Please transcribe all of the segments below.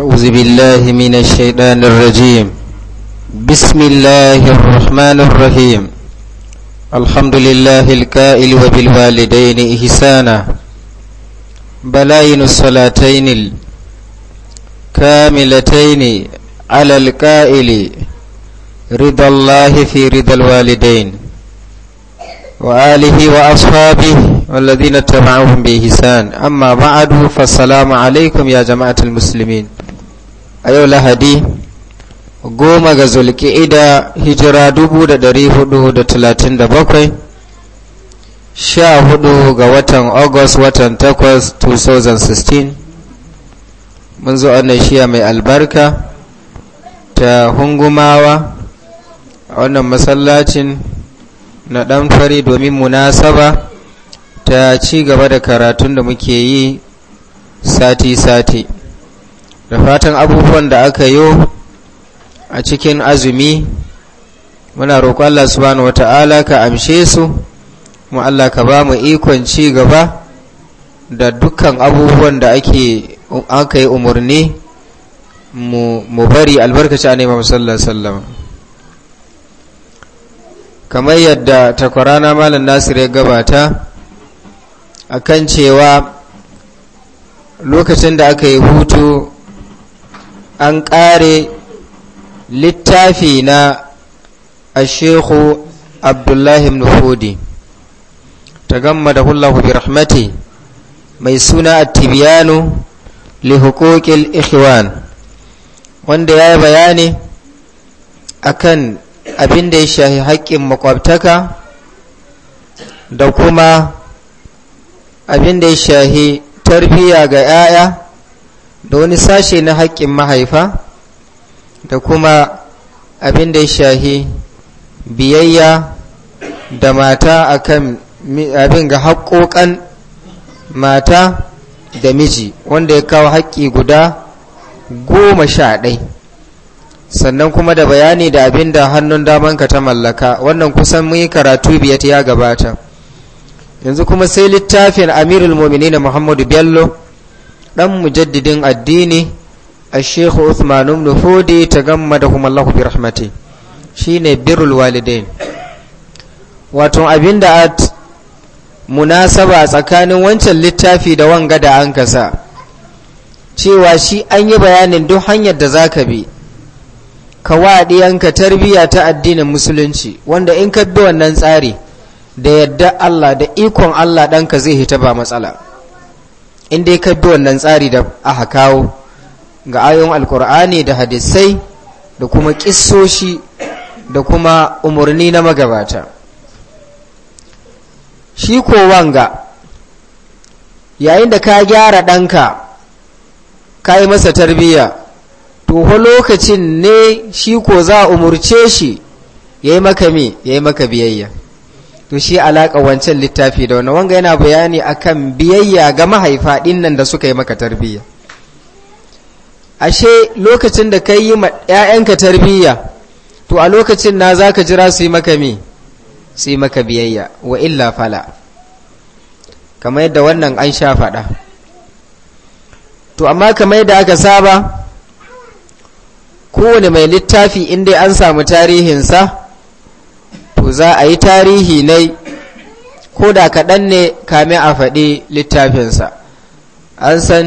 أعوذ بالله من الشيطان الرجيم بسم الله الرحمن الرحيم الحمد لله الكائل وبالوالدين إحسانا بلاين الصلاتين الكاملتين على الكائل رضا الله في رضا الوالدين وآله وأصحابه والذين اتبعوهم بإحسان أما بعد فالسلام عليكم يا جماعة المسلمين a yau lahadi goma ga zulki'ida hijira bakwai sha hudu ga watan august watan 8 2016 mun zo wannan shiya mai albarka ta hungumawa a wannan masallacin na dan fari domin munasaba ta ci gaba da karatun da muke yi sati-sati da fatan abubuwan da aka yi a cikin azumi muna roƙo Allah subhanahu wata'ala ka amshe su mu Allah ka ba mu ikon ci gaba da dukkan abubuwan da ake aka yi umarni mu bari albarkaci a neman sallar sallama kamar yadda takwarana malam nasir ya gabata akan cewa lokacin da aka yi hutu an ƙare littafi na ashehu abdullahi nufodi ta gamma da hullahu bi rahmati mai suna a tibiyanu li hukukil ikhwan wanda ya yi bayani akan abin da ya shahi haƙƙin makwabtaka da kuma abin da ya shahi tarbiyya ga 'ya'ya da wani sashe na haƙƙin mahaifa da kuma abin da ya shahi biyayya da mata a kan abin ga haƙoƙan mata da miji wanda ya kawo haƙƙi guda goma sha ɗai sannan kuma da bayani da abin da hannun damanka ta mallaka wannan kusan mun yi karatu biyat ya gabata yanzu kuma sai littafin amirul mumini muhammadu bello ɗan mujaddidin addini a shehu Uthman ibn Fodi ta gamma da kuma Allah bi rahmati shine birrul walidain wato abinda at munasaba tsakanin wancan littafi da wanga da an kasa cewa shi an yi bayanin duk hanyar da zaka bi ka yanka tarbiyya ta addinin musulunci wanda in ka bi wannan tsari da yadda Allah da ikon Allah ɗanka zai hita ba matsala in dai ka bi wannan tsari da aka kawo ga ayoyin alkur'ani da hadisai da kuma kissoshi da kuma umarni na magabata shi ko wanga yayin da ka gyara ɗanka ka yi masa tarbiyya to ho lokacin ne shi ko za umurce shi ya yi maka me ya yi maka biyayya to shi alaka wancan littafi da wani wanga yana bayani a kan biyayya ga mahaifa dinnan da suka yi maka tarbiyya ashe lokacin da ka yi ma tarbiyya to a lokacin na za ka jira su yi maka mi su yi maka biyayya wa illa fala kamar yadda wannan an sha faɗa to amma kamar yadda aka saba kowane mai littafi inda an samu tarihinsa to za a yi tarihi ne ko da kaɗan ne kame a faɗi littafinsa an san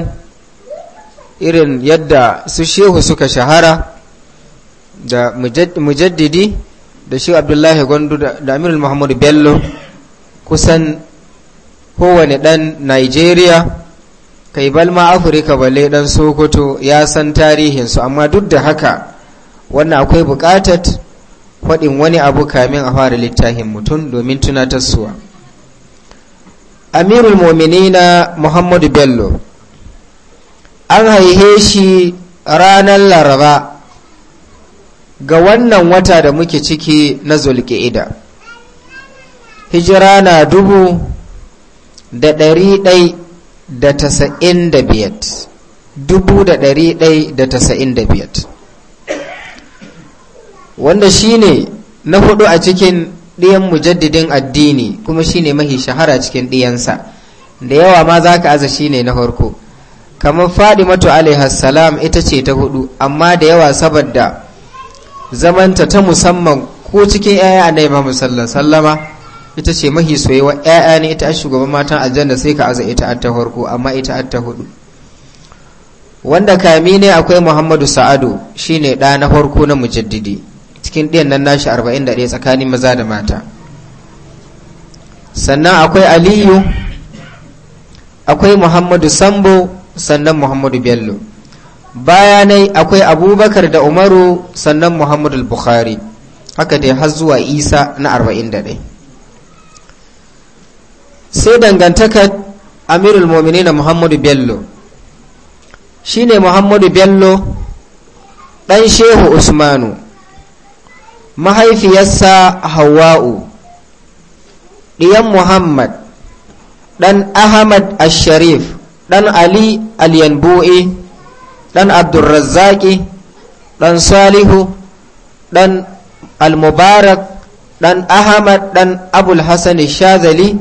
irin yadda su shehu suka shahara da mujaddidi da shi abdullahi gwandu da amirul muhammadu bello kusan kowane ɗan nigeria kai balma afirka balle ɗan sokoto ya san tarihinsu amma duk da haka wannan akwai buƙatar faɗin wani abu kamin a fara littafin mutum domin tunatar suwa amirul muminina muhammadu bello an haihe shi ranar laraba ga wannan wata da muke ciki na zulki'ida hijira na dubu da ɗari ɗai da tasa'in da biyat dubu da ɗari ɗai da tasa'in da biyat wanda shine na hudu a cikin ɗiyan mujaddidin addini kuma shine mahi shahara cikin ɗiyansa da yawa ma za ka aza shine na farko kamar mato salam ita ce ta hudu amma da yawa saboda zamanta ta musamman ko cikin 'ya'ya a muhammad sallallahu sallama ita ce mahi soyewa 'ya'ya ne ita shugaban matan aljanna sai ka aza ita ta farko amma ita ta hudu wanda kami ne akwai muhammadu sa'adu shine ɗa na farko na mujaddidi cikin ɗiyan nan nashi ɗaya tsakanin maza da mata sannan akwai aliyu akwai muhammadu sambo sannan muhammadu bello bayanai akwai abubakar da umaru sannan muhammadu bukhari haka dai har zuwa isa na arba'in ɗaya sai dangantakar amirul momini na muhammadu bello shine muhammadu bello ɗan shehu usmanu mahaifiyarsa hawa'u ɗiyan muhammad ɗan ahmad asharif ɗan ali alyanbu'i ɗan abdulrazzaki ɗan salihu ɗan mubarak ɗan ahmad ɗan abulhassan shazali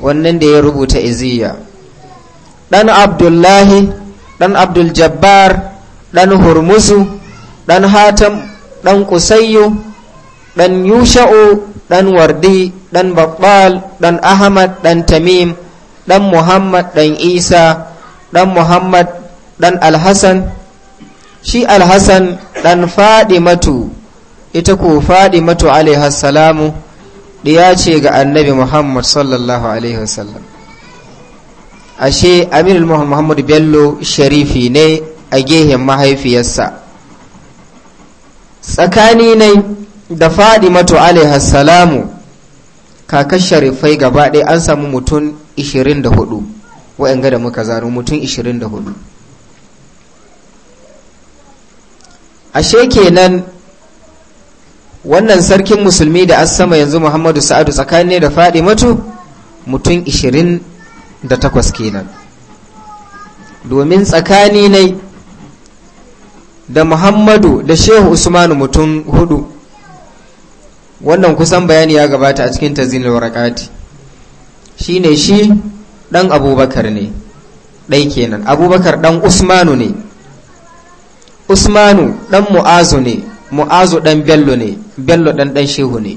wannan da ya rubuta iziya ɗan abdullahi ɗan jabbar. ɗan hurmusu ɗan hatam ɗan kusayyu ɗan yusha'u ɗan wardi ɗan babbal ɗan ahmad ɗan tamim ɗan muhammad ɗan isa ɗan muhammad ɗan alhassan shi alhassan ɗan fadimatu ita ko fadimatu alaihissalamu ya ce ga annabi muhammad sallallahu alaihi wasallam ashe aminul Muhammad bello sharifi ne a gehen mahaifiyarsa tsakani ne da mato alaihi salamu kakar sharifai gaba ɗaya an samu mutum 24 wa'yanga da muka zano mutum 24 ashe kenan wannan sarkin musulmi da an sama yanzu muhammadu sa'adu tsakanin ne da mato mutum 28 kenan domin tsakani ne da muhammadu da shehu usmanu mutum hudu wannan kusan bayani ya gabata a cikin tazinul warakati ne shi dan abubakar ne ɗai kenan abubakar dan usmanu ne usmanu dan mu'azu ne mu'azu dan bello ne bello dan dan shehu ne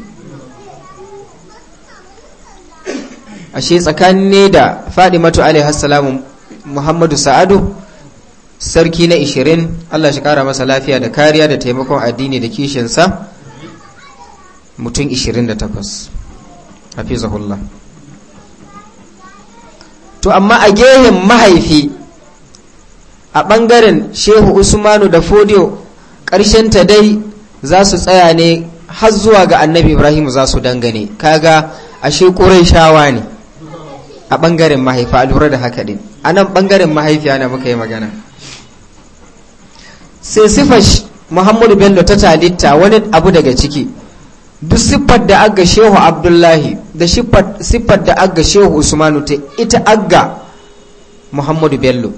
ashe tsakanin ne da fadimatu alaihi salamu muhammadu sa'adu sarki na 20 allah shi kara masa lafiya da kariya da taimakon addini da kishinsa mutum 28 hafizahullah to amma a gehen mahaifi a bangaren shehu usmanu da fodiyo ta dai za su tsaya ne har zuwa ga annabi ibrahim za su dangane kaga ashe ƙurai shawa ne a ɓangaren mahaifa a lura da haka ɗin a nan ɓangaren mahaifiya na muka yi magana sai sifar muhammadu bello ta talitta wani abu daga ciki duk siffar da aga shehu abdullahi da siffar da aga shehu usmanu ta ita aga muhammadu bello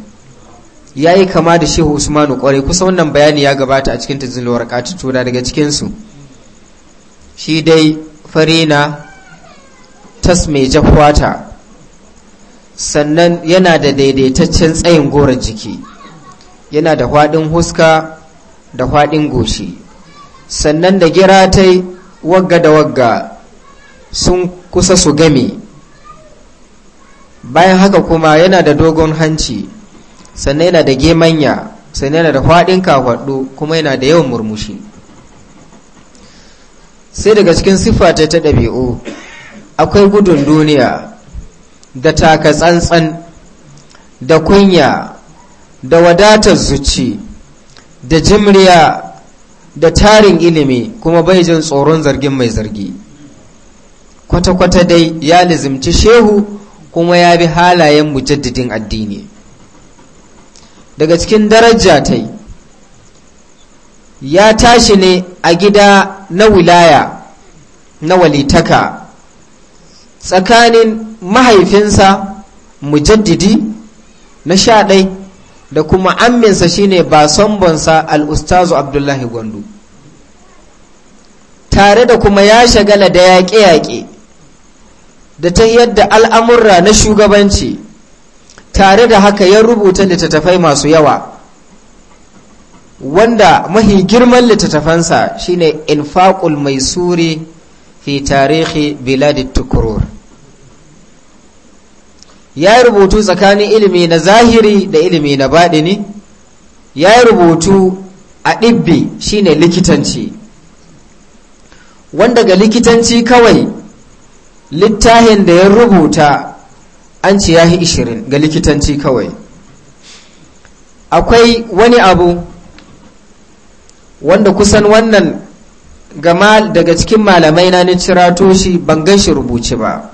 ya yi kama da shehu usmanu kwarai kusa wannan bayani ya gabata a cikin tazilowar katutura daga cikinsu shi dai farina tas mai jakwata sannan yana da daidaitaccen tsayin goron jiki yana da hwaɗin huska da hwaɗin goshi sannan da giratai wagga da wagga sun kusa su game bayan haka kuma yana da dogon hanci sannan yana da gemanya sannan yana da faɗin kafaɗo kuma yana da yawan murmushi sai daga cikin ta ta ɗabi'u akwai gudun duniya da taka tsantsan da kunya da wadatar zuci da jimriya da tarin ilimi kuma bai jin tsoron zargin mai zargi kwata-kwata dai ya lizimci shehu kuma ya bi halayen mujaddidin addini daga cikin daraja ta ya tashi ne a gida na wilaya na walitaka tsakanin mahaifinsa mujaddidi na sha ɗai da kuma amminsa shine ba bonsa al'ustazu abdullahi gwandu tare da kuma ya shagala da yaƙe-yaƙe da ta yadda al'amurra na shugabanci tare da haka ya rubuta littattafai masu yawa wanda mahi girman littattafansa shine mai suri fi tarihi biladit tukurur ya yi rubutu tsakanin ilimi na zahiri da ilimi na baɗini ya yi rubutu a ɗibbi shine likitanci wanda ga likitanci kawai littahin da ya rubuta an ce ya yi ishirin ga likitanci kawai akwai wani abu wanda kusan wannan gama daga cikin malamai na ni ciratoshi ban gan shi rubuce ba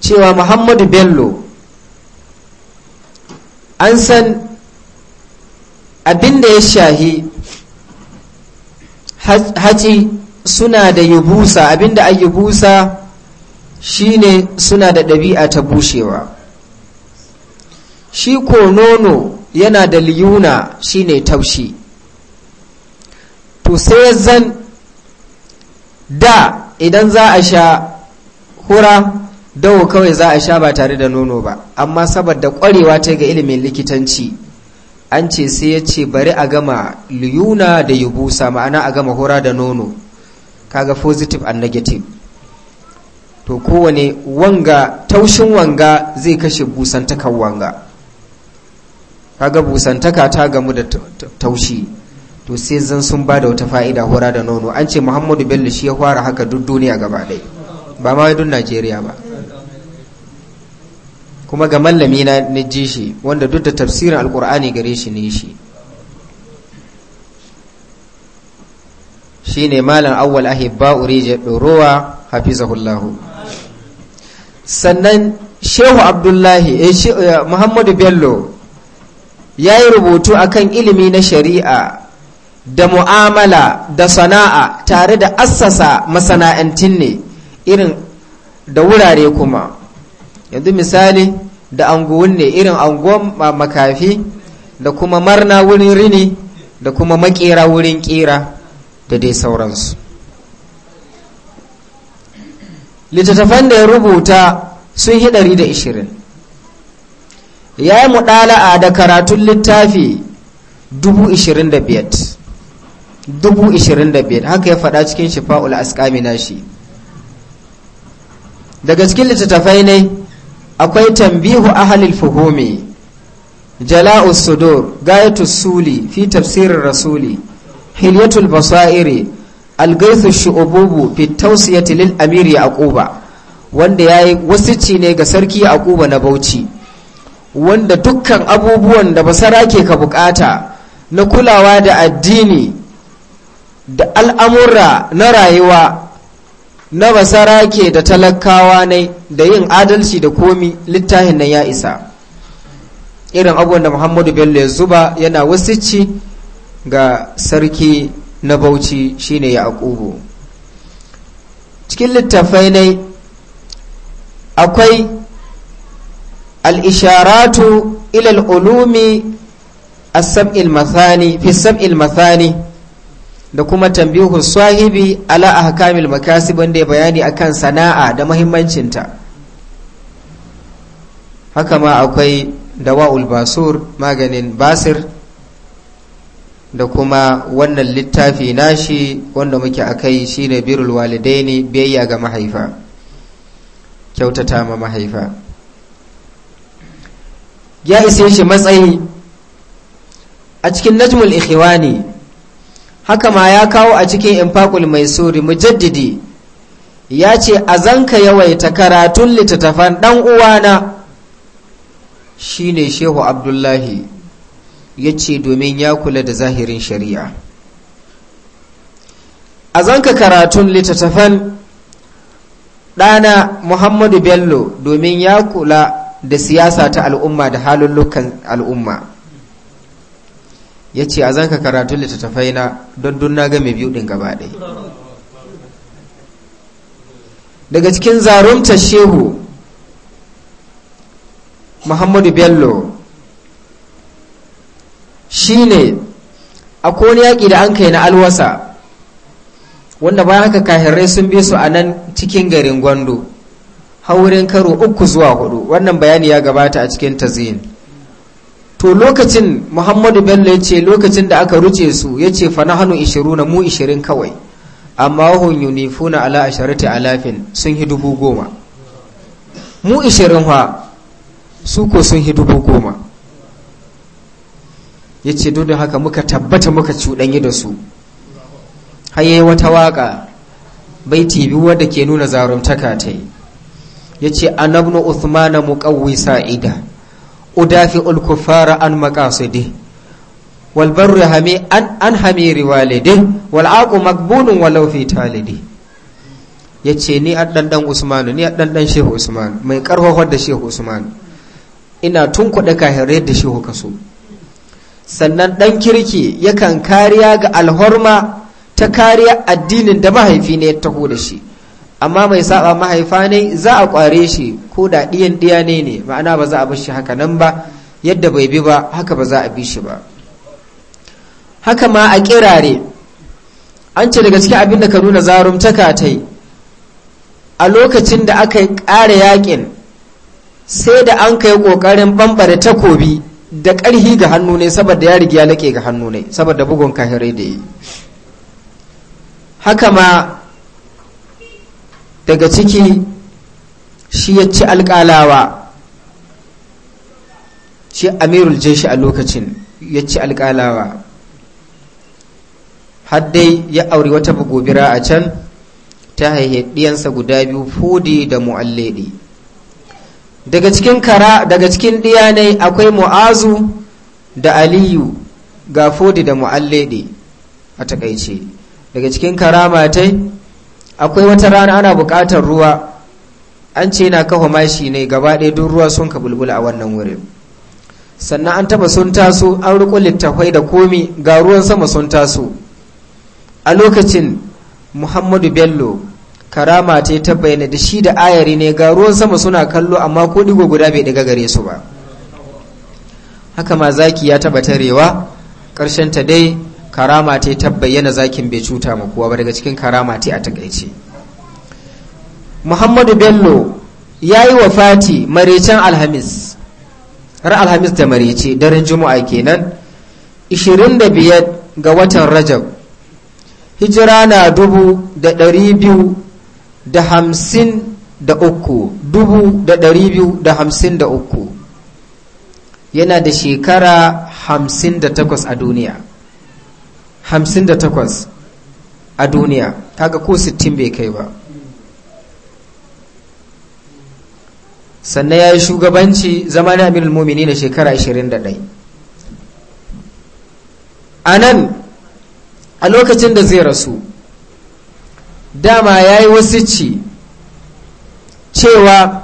cewa muhammadu bello an san abinda ya shahi haji suna da yubusa abinda a yubusa shine suna da ɗabi'a ta bushewa shi ko nono yana da liyuna shine taushi to sai zan da idan za a sha hura dawo kawai za a sha ba tare da nono ba amma saboda kwarewa ta ga ilimin likitanci an ce sai ya ce bari a gama liyuna da yubusa ma'ana a gama hora da nono kaga positive and negative to kowane wanga taushin wanga zai kashe busantakan wanga kaga busantaka ta gamu da taushi to sai zan sun ba da wata fa'ida hura da nono an ce muhammadu bello shi ya fara haka duk duniya gaba ɗaya ba ma duk najeriya ba kuma ga mallami na ji shi wanda duk da tafsirin alkur'ani gare shi ne shi shi ne malam awwal ahibba urije ɗorowa hafizahullahu sannan shehu abdullahi eh, eh, muhammadu bello ya yi rubutu akan ilimi na shari'a da mu'amala da sana'a tare da assasa masana'antin ne irin da wurare kuma yanzu misali da anguwan ne irin anguwan makafi da kuma marna wurin rini da kuma makera wurin kera da dai sauransu littattafan da ya rubuta sun yi 120 ya yi muɗala'a da karatun littafi 25,000 haka ya faɗa cikin shifa'ul askami na shi daga cikin littattafai ne akwai tambihu ahalil fuhumi jala'u sudur gayatu suli fi tafsirin rasuli hilyatul basairi algaisu shu'ububu fi tausiyati lil amiri yaquba wanda yayi wasici ne ga sarki yaquba na bauchi wanda dukkan abubuwan da basara ke ka bukata na kulawa da addini da al'amura na rayuwa na basara ke da talakawa ne da yin adalci da komi littafin nan ya isa irin abubuwan da muhammadu bello ya zuba yana ci ga sarki na bauchi shine ya akubu cikin littafai ne akwai al'isharatu ilal ulumi a sab'il mathani fi sab'il mathani da kuma tambihu sahibi ala ahkamil makasib wanda ya bayani akan sana'a da muhimmancinta haka ma akwai dawa'ul basur maganin basir da kuma wannan littafi nashi wanda muke akai shine birul walidaini biyayya ga mahaifa kyautata ma mahaifa ya ise shi matsayi a cikin najmul ikhwani haka ma ya kawo a cikin mai suri mujaddidi ya ce a zanka yawaita karatun littattafan ɗan uwana shine shehu abdullahi ya ce domin ya kula da zahirin shari'a a zanka karatun littattafan ɗana muhammadu bello domin ya kula da siyasa ta al'umma da halullukan al'umma ya ce a zanka karatu littattafai na don dun na game biyu ɗin gaba ɗaya daga cikin zarumta shehu muhammadu bello shine a wani yaƙi da an kai na alwasa wanda bayan haka kahirrai sun bi su a nan cikin garin gwando haurin karo uku zuwa hudu wannan bayani ya gabata a cikin tazini to lokacin muhammadu bello ya ce lokacin da aka ruce su ya ce fana hannu ishiru na mu ishirin kawai amma hun yunifuna ala asharati alafin sun hi dubu goma mu ishirin ha su ko sun hi dubu goma ya ce duk haka muka tabbata muka cuɗanyi da su haye wata waƙa bai tibi wadda ke nuna zarumtaka ta yi ya ce anabnu uthmana kawai sa'ida أدافع الكفار عن مقاصده والبر همي عن همير والده والعاق مقبول ولو في تالده yace ni a ɗanɗan ni a shehu usman mai ƙarfafar da shehu usman ina tun kuɗa kahirar yadda shehu kaso sannan ɗan kirki yakan kariya ga alhorma ta kariya addinin da mahaifi ne ya taho da shi amma mai saba mahaifa ne za a kware shi ko da ɗiyan ɗiya ne ne ma'ana ba za a shi haka nan ba yadda bai bi ba haka ba za a bi shi ba haka ma a kirare an ce daga cikin abin da ka nuna zarumtaka ta yi a lokacin da aka ƙara yakin sai da an kai ƙoƙarin bambare takobi da ƙarhi ga hannu ne saboda ya riga ya laƙe ga hannu ne saboda bugun kahirai da yi haka ma daga ciki shi ya ci alƙalawa shi amirul jeshi a lokacin ya ci alƙalawa haddai ya auri wata bugobira a can ta haihe guda biyu fudi da mu'alladi daga cikin kara daga cikin ɗiyanai akwai mu'azu da aliyu ga fudi da mu'alladi a takaice daga cikin matai akwai wata rana ana buƙatar ruwa an ce na kafa mashi ne gaba ɗaya duk ruwa sun ka bulbula a wannan wurin sannan an taba sun taso an riko littafai da komi ga ruwan sama sun taso a lokacin muhammadu bello karama ta ta bayyana da shi da ayari ne ga ruwan sama suna kallo amma ko digo guda bai daga gare su ba haka ma zaki ya taba tarewa ƙarshen ta dai karama ta ta bayyana zakin bai cuta ma kowa ba daga cikin karama ta a takaice muhammadu bello ya yi wa fati marecen alhamis har alhamis da marece daren juma'a kenan 25 ga watan rajab hijira na dubu da yana da shekara hamsin a duniya hamsin da takwas a duniya kaga ko sittin bai kai ba sannan ya yi shugabanci zama na amirul mumini na shekara 21 a nan a lokacin da zai rasu dama ya yi ci cewa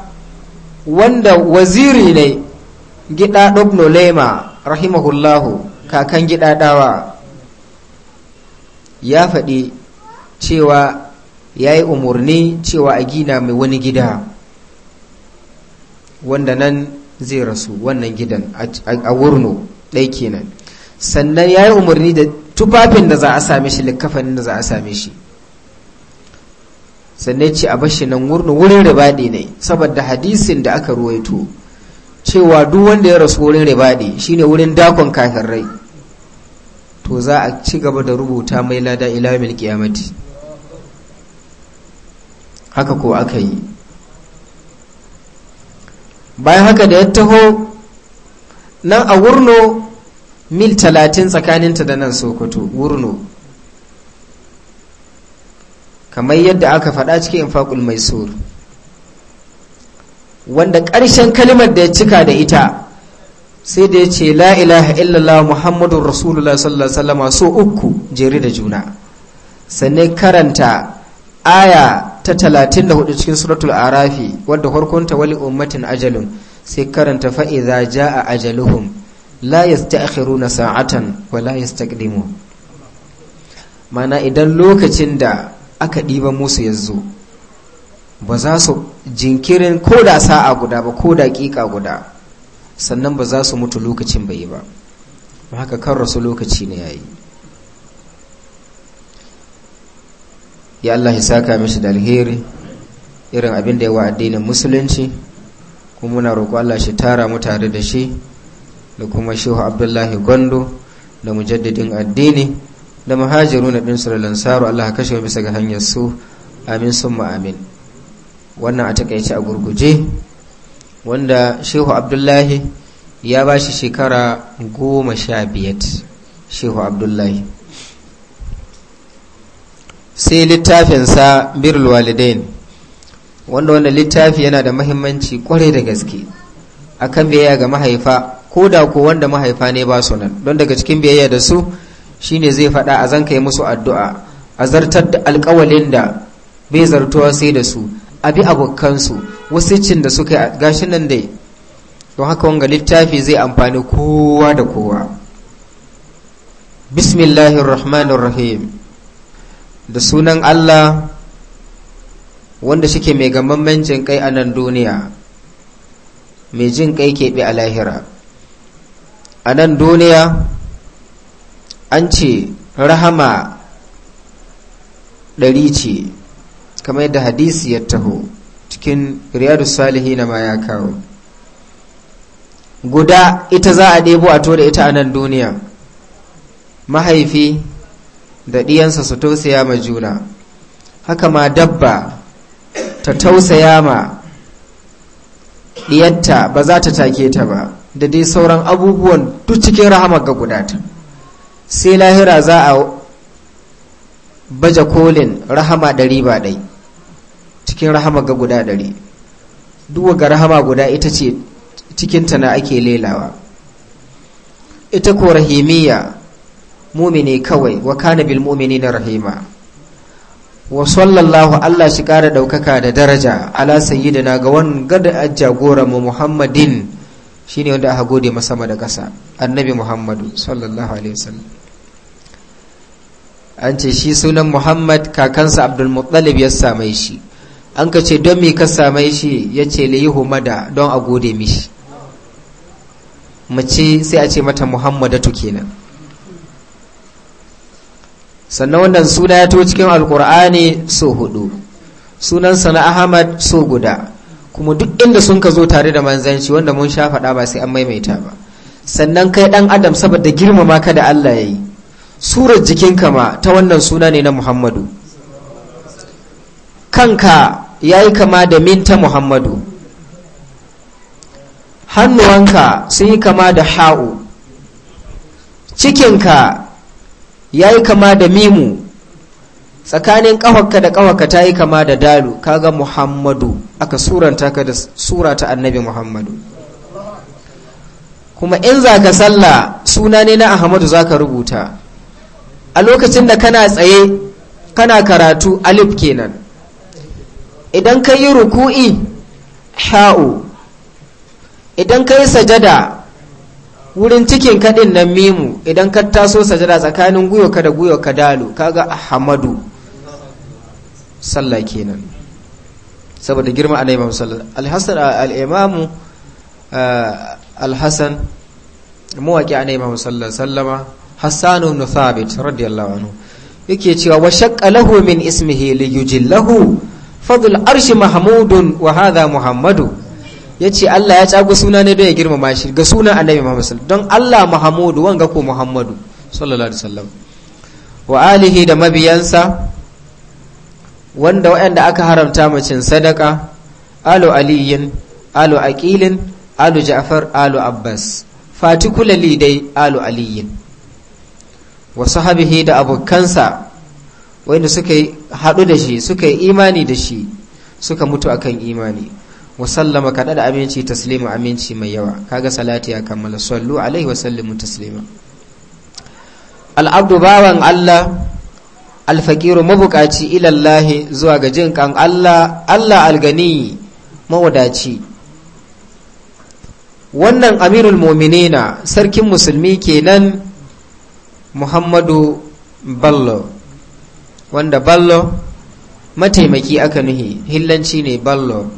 wanda waziri ne gida ɗobnolema rahimahullahu kakan gida dawa ya faɗi cewa ya yi umarni cewa a gina mai wani gida wanda nan zai rasu wannan gidan a wurno ɗai kenan sannan ya yi umarni da tufafin da za a same shi likafanin da za a same shi sannan ce a bashi nan wurno wurin ribaɗi ne saboda hadisin da aka ruwaito cewa duk wanda ya rasu wurin ribaɗi shine wurin dakon kafin rai. to za a ci gaba da rubuta mai lada ila mil kiyamati haka ko aka yi bayan haka da ya taho nan a wurno mil talatin tsakaninta da nan sokoto wurno kamar yadda aka faɗa cikin mai maisur wanda ƙarshen kalimar da ya cika da ita sai da ya ce la ilaha illallah muhammadun rasulullah sallallahu alaihi so uku jere da juna sannan karanta aya ta talatin da hudu cikin suratul arafi wadda harkunta wali ummatin ajalun sai karanta fa'iza ja a ajaluhum la na sa'atan wa ta yastaqdimun mana idan lokacin da aka ɗiba musu yanzu ba za su jinkirin ko da sa'a guda ba ko daƙiƙa guda sannan ba za su mutu lokacin bai ba haka kan rasu lokaci ne ya yi. ya Allah ya saka mishi da alheri irin abin da ya wa addinin musulunci kuma muna roƙo Allah shi tara mu tare da shi da kuma shehu abdullahi gondo da mujaddadin addini da muhajiru na bin sura saru Allah kashe bisa ga hanyar su amin summa amin wannan a takaice a gurguje wanda shehu abdullahi ya ba shi shekara goma sha biyat shehu abdullahi sai littafinsa birul walidain wanda wanda littafi yana da mahimmanci kwarai da gaske akan biyayya ga mahaifa ko da ko wanda mahaifa ne ba su nan don daga cikin biyayya da su shine zai faɗa a zan kai musu addu'a a zartar da alƙawalin da bai zartuwa sai da su abi abokansu wasu cin da suka gashi nan dai don haka wanga littafi zai amfani kowa da kowa bismillahirrahmanirrahim da sunan allah wanda shike mai gamamman kai a nan duniya mai jin kai keɓe a lahira a nan duniya an ce rahama ɗari ce kamar yadda hadisi ya taho cikin riyadu salihi na ma ya kawo guda ita za a ɗebo a da ita a nan duniya mahaifi da ɗiyansa su tausaya ma juna haka ma dabba ta tausaya ma ɗiyatta ba za ta take ta ba da dai sauran abubuwan duk cikin rahama ga gudata sai lahira za a baje kolin rahama ɗari ba ɗai cikin rahama ga guda ɗari duk ga rahama guda ita ce cikinta na ake lelawa ita ko rahimiyya mumini kawai wa kana bil mumini na rahima wa sallallahu Allah shi kara daukaka da daraja ala sayyidina ga wannan gada ajjagora mu muhammadin shine wanda aka gode masa da kasa annabi muhammadu sallallahu alaihi wasallam an ce shi sunan muhammad kakansa abdul muttalib ya same shi an ka ce don mi ka same shi ya ce liyi humada don a gode mishi mace sai a ce mata muhammadatu kenan sannan wannan suna ya to cikin alkur'ani so hudu sunansa na ahmad so guda kuma duk inda sun ka zo tare da manzanci wanda mun sha faɗa ba sai an maimaita ba sannan kai ɗan adam saboda girmama ka da allah ya yi surar jikinka ma ta wannan suna ne na muhammadu kanka ya yi kama da minta muhammadu hannuwanka sun yi kama da ha'u cikinka ya yi kama da mimu tsakanin kawaka da kawaka ta yi kama da dalu kaga muhammadu aka suranta ka da sura ta annabi muhammadu kuma in za ka sallah suna ne na ahmadu za ka rubuta a lokacin da kana tsaye kana karatu alif kenan idan ka yi ruku'i sha'u idan ka yi sajada wurin cikin kaɗin nan mimu idan ka taso sajada tsakanin guyoka da guyoka dalu kaga ahamadu sallah kenan saboda girma ana imam sallah alhassan al'imamu uh, alhassan mawaƙi ana imam sallah sallama hassanu nuthabit radiyallahu anhu yake cewa wa shakka lahu min ismihi li yujillahu fadul arshi mahmudun wa hadha muhammadu yace Allah ya cago suna ne don ya girmama shi ga suna annabi Muhammad sallallahu don Allah Muhammadu wanga ko Muhammadu sallallahu alaihi wasallam wa alihi da mabiyansa wanda waɗanda aka haramta macin sadaka alu aliyin alu Akilin alu ja'far alu abbas fatikulali dai alu aliyin wa sahabihi da abokansa wanda suka yi haɗu da shi suka yi imani da shi suka mutu akan imani wa sallama kaɗa da aminci taslima aminci mai yawa kaga salati ya kammala sallu alaihi wa sallimu taslima al'abdu bawan Allah alfaƙiru mabukaci ilallahi zuwa ga jin kan Allah Allah algani mawadaci wannan amirul muminina sarkin musulmi kenan muhammadu ballo wanda ballo mataimaki aka nuhi hillanci ne ballo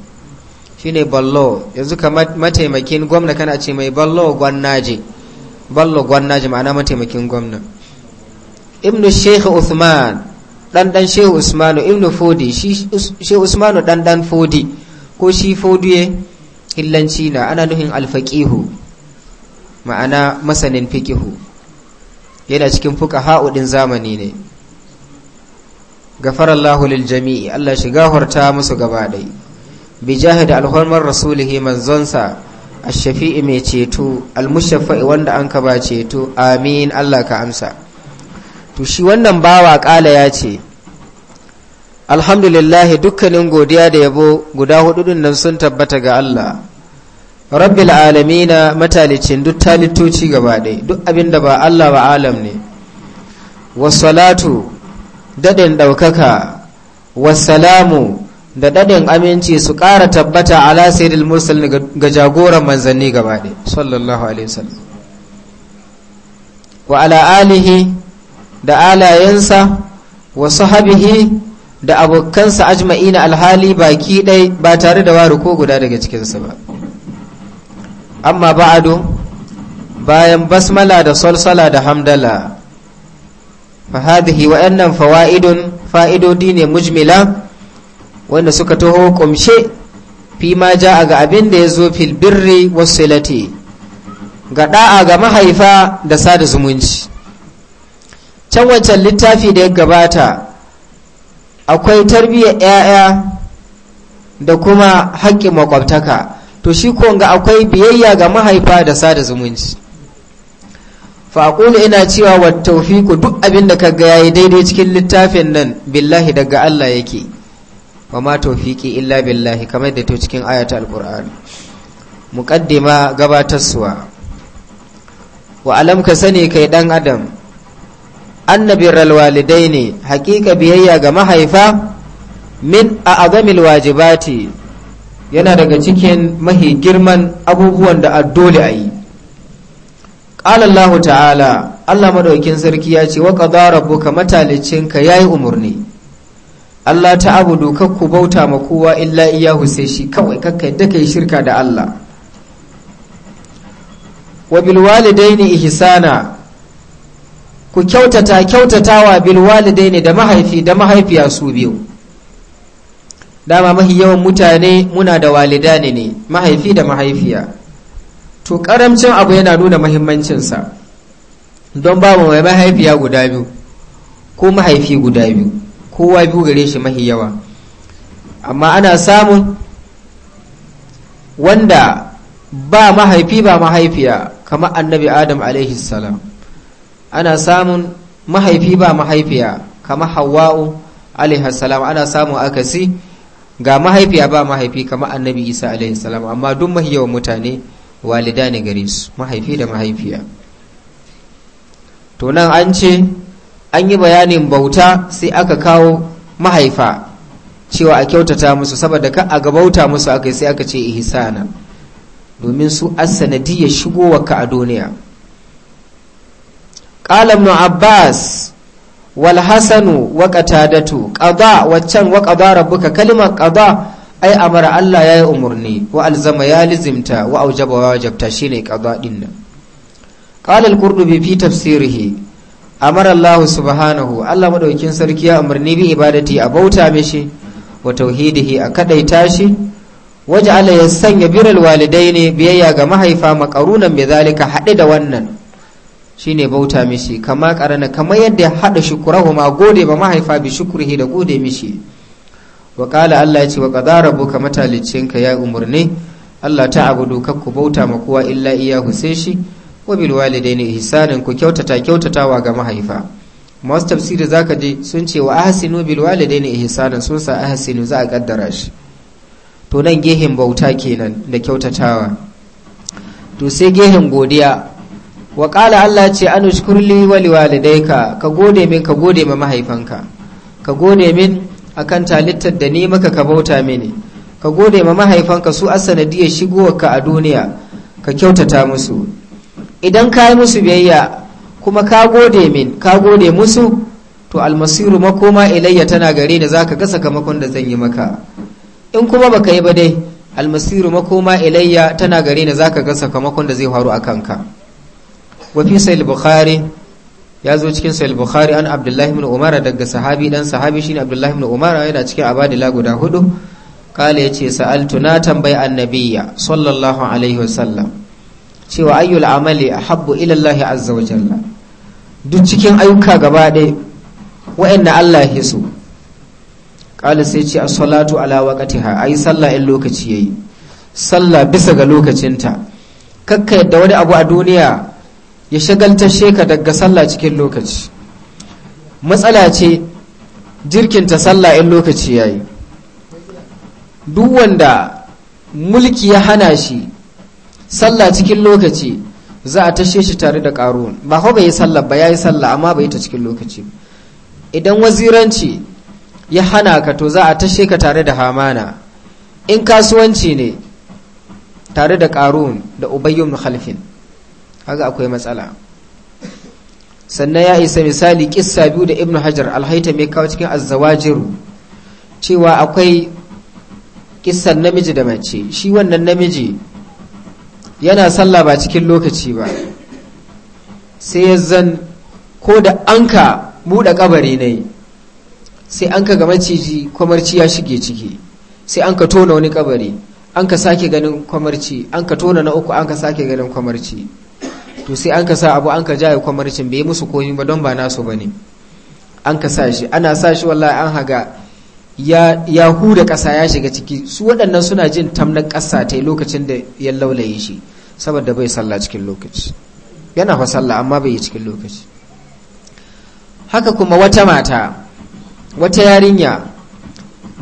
shi ne ballo yanzu ka mataimakin gwamna kana ce mai ballo gwannaje ballo gwannaje ma'ana mataimakin gwamna ibnu sheikh usman ɗanɗan sheikh usman ibnu fodi shi sheikh usman ɗanɗan fodi ko shi fodiye hillanci na ana nuhin alfaƙihu ma'ana masanin fiqihu yana cikin fuka ha'udin zamani ne غفر الله للجميع الله شي musu مسو غبا داي بجاهد rasulihi manzonsa ash-shafi'i mai ceto al wanda an ka ba ceto amin Allah ka amsa to wannan bawa kala ya ce alhamdulillah dukkanin godiya da yabo guda hudu din nan sun tabbata ga Allah rabbil alamina matalicin duk talitoci gaba dai duk abinda ba Allah ba alam ne wasalatu daɗin ɗaukaka wasalamu da daɗin aminci su ƙara tabbata ala sayyidil mursalin ga jagoran manzanni gaba sallallahu alaihi wasallam wa ala alihi da alayensa wa sahabihi da abokansa ajma'ina alhali baki ɗai ba tare da waru ko guda daga cikinsa ba amma ba'adu bayan basmala da salsala da hamdala fahadihi wa'annan fawa'idun fa'idodi ne mujmila wanda suka taho kumshe fi ma ja ga abin da ya zo fil birri wasilati ga da'a ga mahaifa da sada zumunci can wancan littafi da ya gabata akwai tarbiyyar 'ya'ya da kuma haƙƙin makwabtaka to shi ko ga akwai biyayya ga mahaifa da sada zumunci faƙulu ina cewa wa taufiku duk abin da ka ga yayi daidai cikin littafin nan billahi daga Allah yake wa ma taufiki illa billahi kamar da to cikin ayata alquran muqaddima gabatarsuwa wa alam ka sani kai dan adam annabiral walidaini haƙiƙa biyayya ga mahaifa min a azamil wajibati yana daga cikin mahi girman abubuwan da dole a yi alallahu ta'ala Allah madaukin sarki ya ce wa qadara rabbuka matalicinka yayi umurni Allah ta abudu ku bauta ma kowa illa iyahu sai shi kawai da kai shirka da Allah wa bil walidaini ihsana ku kyautata kyautatawa bil walidaini da mahaifi da mahaifiya su biyu dama mahi yawan mutane muna da walidani ne mahaifi da mahaifiya to karamcin abu yana nuna mahimmancinsa don babu mai mahaifiya guda biyu ko mahaifi guda biyu kowa biyu gare shi mahi yawa amma ana samun wanda ba mahaifi ba mahaifiya kamar annabi adam alaihi salam ana samun mahaifi ba mahaifiya kamar hawa'u alaihi salam ana samun akasi ga mahaifiya ba mahaifi kamar annabi isa alaihi salam amma duk mahi yawan mutane walida ne gare su mahaifi da mahaifiya to nan an ce an yi bayanin bauta sai aka kawo mahaifa cewa a kyautata musu saboda ka a bauta musu aka sai aka ce ihsana domin su as-sanadiyya wa ka a duniya qala ibn abbas wal hasanu wa qatadatu qada waccan wa qada rabbuka kalimar qada ai amara Allah ya yi umarni wa alzama ya lizimta wa aujaba wa wajabta shine qada din nan qala al fi tafsirihi amara Allah subhanahu Allah madaukin sarki ya umarni bi ibadati a bauta mishi wa tauhidihi a tashi. waje allah ya sanya biral ne biyayya ga mahaifa mai zali zalika haɗe da wannan shine bauta mishi kama ƙarana kama yadda ya haɗa shukurahu ma gode ba mahaifa bi shukurhi da gode mishi wa ƙala Allah ya ce wa ƙadara ka matalicinka ya umarni Allah ta abu dokar ku bauta ma kowa illa iya huse shi wa bil walidaini ihsanin ku kyautata kyautatawa ga mahaifa masu tafsiri ka je sun ce wa ahsinu bil walidaini ihsanin sun sa ahsinu za a kaddara shi to nan gehen bauta kenan da kyautatawa to sai gehen godiya wa ƙala Allah ce an shukurli wa liwalidayka ka gode min ka gode ma mahaifanka ka gode min akan talittar da ni maka ka bauta mini ka gode ma mahaifanka su asanadiyar ka a duniya ka kyautata musu idan ka yi musu biyayya kuma ka gode min ka gode musu to almasiru makoma ilayya tana gare da zaka ga sakamakon da zan yi maka in kuma baka yi ba dai almasiru makoma ilayya tana gare da zaka ga sakamakon da zai faru a kanka wa fi bukhari ya zo cikin sahih bukhari an abdullahi ibn umar daga sahabi dan sahabi shine abdullahi ibn umar yana cikin abadila guda hudu kale yace sa'altu na tambayi annabiyya sallallahu alaihi wasallam cewa ayyul amali ahabbu ila Allah azza wa jalla duk cikin ayyuka gaba ɗaya wa'anda Allah ya so kala sai ce as-salatu ala waqtiha ayi sallah in lokaci yayi sallah bisa ga lokacinta kakka yadda wani abu a duniya ya shagaltar sheka daga sallah cikin lokaci matsala ce jirkinta sallah in lokaci ya yi duk wanda mulki ya hana shi sallah cikin lokaci za a tashe shi tare da ƙaruwan ba bai yi sallah ba ya yi sallah amma bai ta cikin lokaci idan waziranci ya hana ka to za a tashe ka tare da hamana in kasuwanci ne tare da ƙarun da ubayyun halifin kaga akwai matsala sannan ya isa misali kissa biyu da ibnu hajar alhaita mai kawo cikin azawajiru. cewa akwai kissan namiji da mace shi wannan namiji yana sallah ba cikin lokaci ba sai ya zan ko da an ka buɗe kabari ne sai an ka ga maciji kwamarci ya shige ciki sai an ka tona wani kabari an ka sake ganin kwamarci an ka tona na uku an ka sake ganin kwamarci to sai an ka sa abu an ka ja jaye kwamarcin bai musu komi ba don ba nasu ba ne an ka sa shi ana sa shi wallahi an haga ya huda ƙasa ya shiga ciki su waɗannan suna jin tamnan ƙasa ta lokacin da ya laulaye shi saboda bai sallah cikin lokaci yana fa sallah amma bai yi cikin lokaci haka kuma wata mata wata yarinya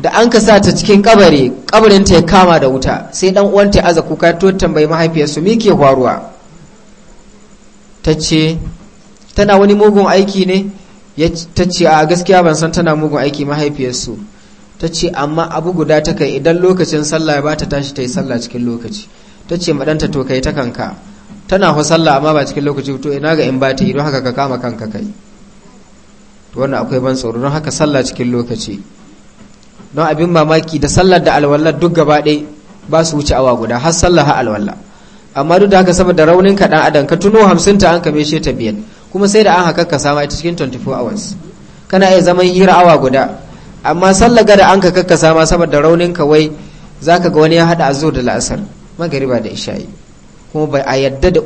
da an ka sa ta cikin kabare kabarin ta ya kama da wuta sai dan uwanta aza kuka to tambayi mahaifiyarsu me ke faruwa ta ce tana wani mugun aiki ne ta ce a gaskiya ban san tana mugun aiki mahaifiyarsu ta ce amma abu guda ta kai idan lokacin sallah ba ta tashi ta yi sallah cikin lokaci ta ce maɗanta to kai ta kanka tana ho sallah amma ba cikin lokaci to ina ga in ba ta yi don haka ka kama kanka kai to wannan akwai ban tsoro don haka sallah cikin lokaci don abin mamaki da sallar da alwallar duk gaba ɗaya ba su wuce awa guda har sallah har alwallar amma duk da haka saboda raunin ka dan adam ka tuno 50 ta an kame shi ta biyar kuma sai da an haka ka sama ita cikin 24 hours kana iya zaman hira awa guda amma sallaga gada an ka kakka sama saboda raunin ka wai zaka ga wani ya hada azu da la'asar magariba da isha'i kuma ba a yadda da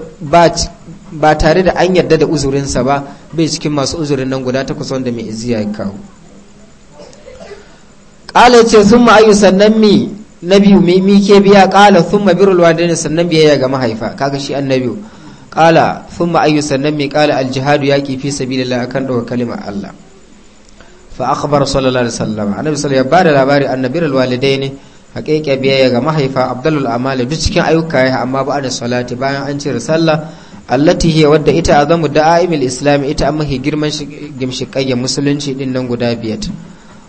ba tare da an yadda da uzurinsa ba bai cikin masu uzurin nan guda takwas wanda mai iziya ya kawo ƙalace sun ma'ayu sannan mi na biyu mi ke biya kala sun mabirul wadaini sannan biyayya ga mahaifa kaga shi an na biyu kala sun ayyu sannan mai kala aljihadu ya fi sabilillah akan ɗaukar kalimar Allah fa akhbar sallallahu alaihi wasallam annabi sallallahu ya bada labari annabirul walidaini haƙiƙa biyayya ga mahaifa abdulul amali duk cikin ayyuka ya amma ba da salati bayan an cire sallah allati hiya wadda ita azamu da'imil islam ita amma hi girman kayyan musulunci din nan guda biyat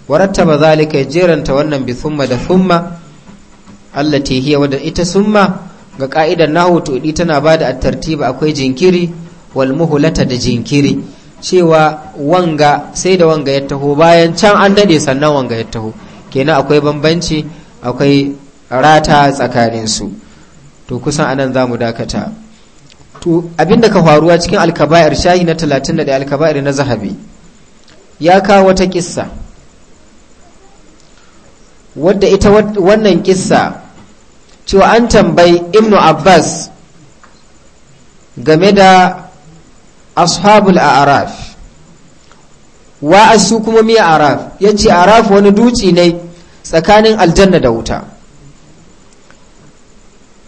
warattaba zalika jeranta wannan bi thumma da thumma allati hiya wadda ita summa ga ka'idar nahu to idi tana bada at-tartiba akwai jinkiri wal muhlata da jinkiri cewa wanga sai da wanga ya taho bayan can an dade sannan wanga ya taho kenan akwai bambanci akwai rata tsakanin su to kusan anan zamu dakata to abinda ka faruwa cikin al-kaba'ir shahi na 31 al-kaba'ir na zahabi ya kawo wata kissa wadda ita wannan kissa cewa an tambayi ibnu abbas game da ashabul araf wa asu kuma miya araf ya ce araf wani duci ne tsakanin aljanna da wuta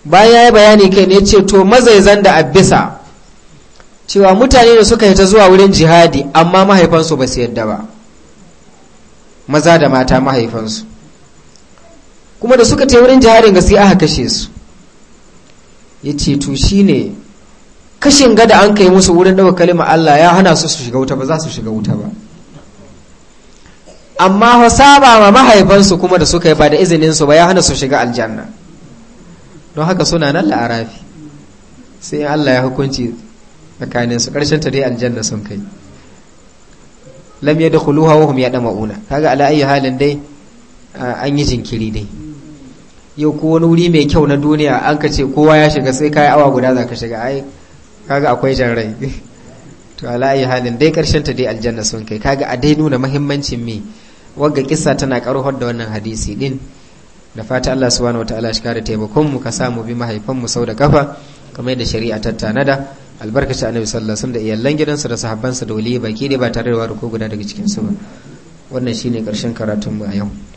bayan ya yi bayani kai ne ce to mazaizan da abisa cewa mutane da suka yi ta zuwa wurin jihadi amma mahaifansu ba su yadda ba maza da mata mahaifansu kuma da suka wurin ga sai aka kashe su ya ce to shi ne kashin gada an kai musu wurin daga kalima Allah ya hana su su shiga wuta ba za su shiga wuta ba amma fa saba ma mahaifansu kuma da suka yi ba da izininsu ba ya hana su shiga aljanna don haka suna nan la'arafi sai in Allah ya hukunci tsakanin su karshen ta dai aljanna sun kai lam yadkhuluha wa hum yadma'una kaga ala ayyi halin dai an yi jinkiri dai yau ko wani wuri mai kyau na duniya an ka ce kowa ya shiga sai kayi awa guda za ka shiga ai kaga akwai jan rai to ala ayi halin dai karshen ta dai aljanna sun kai kaga a dai nuna muhimmancin me wagga kissa tana karuhar da wannan hadisi din da fata Allah subhanahu ta'ala shi kare taimakon mu ka samu bi mahaifan mu sau da kafa kamar yadda shari'a ta tanada albarkaci annabi sallallahu alaihi wasallam da iyallan gidansa da sahabbansa da waliyi baki ne ba tare da wari ko guda daga cikin su ba wannan shine karshen karatun mu a yau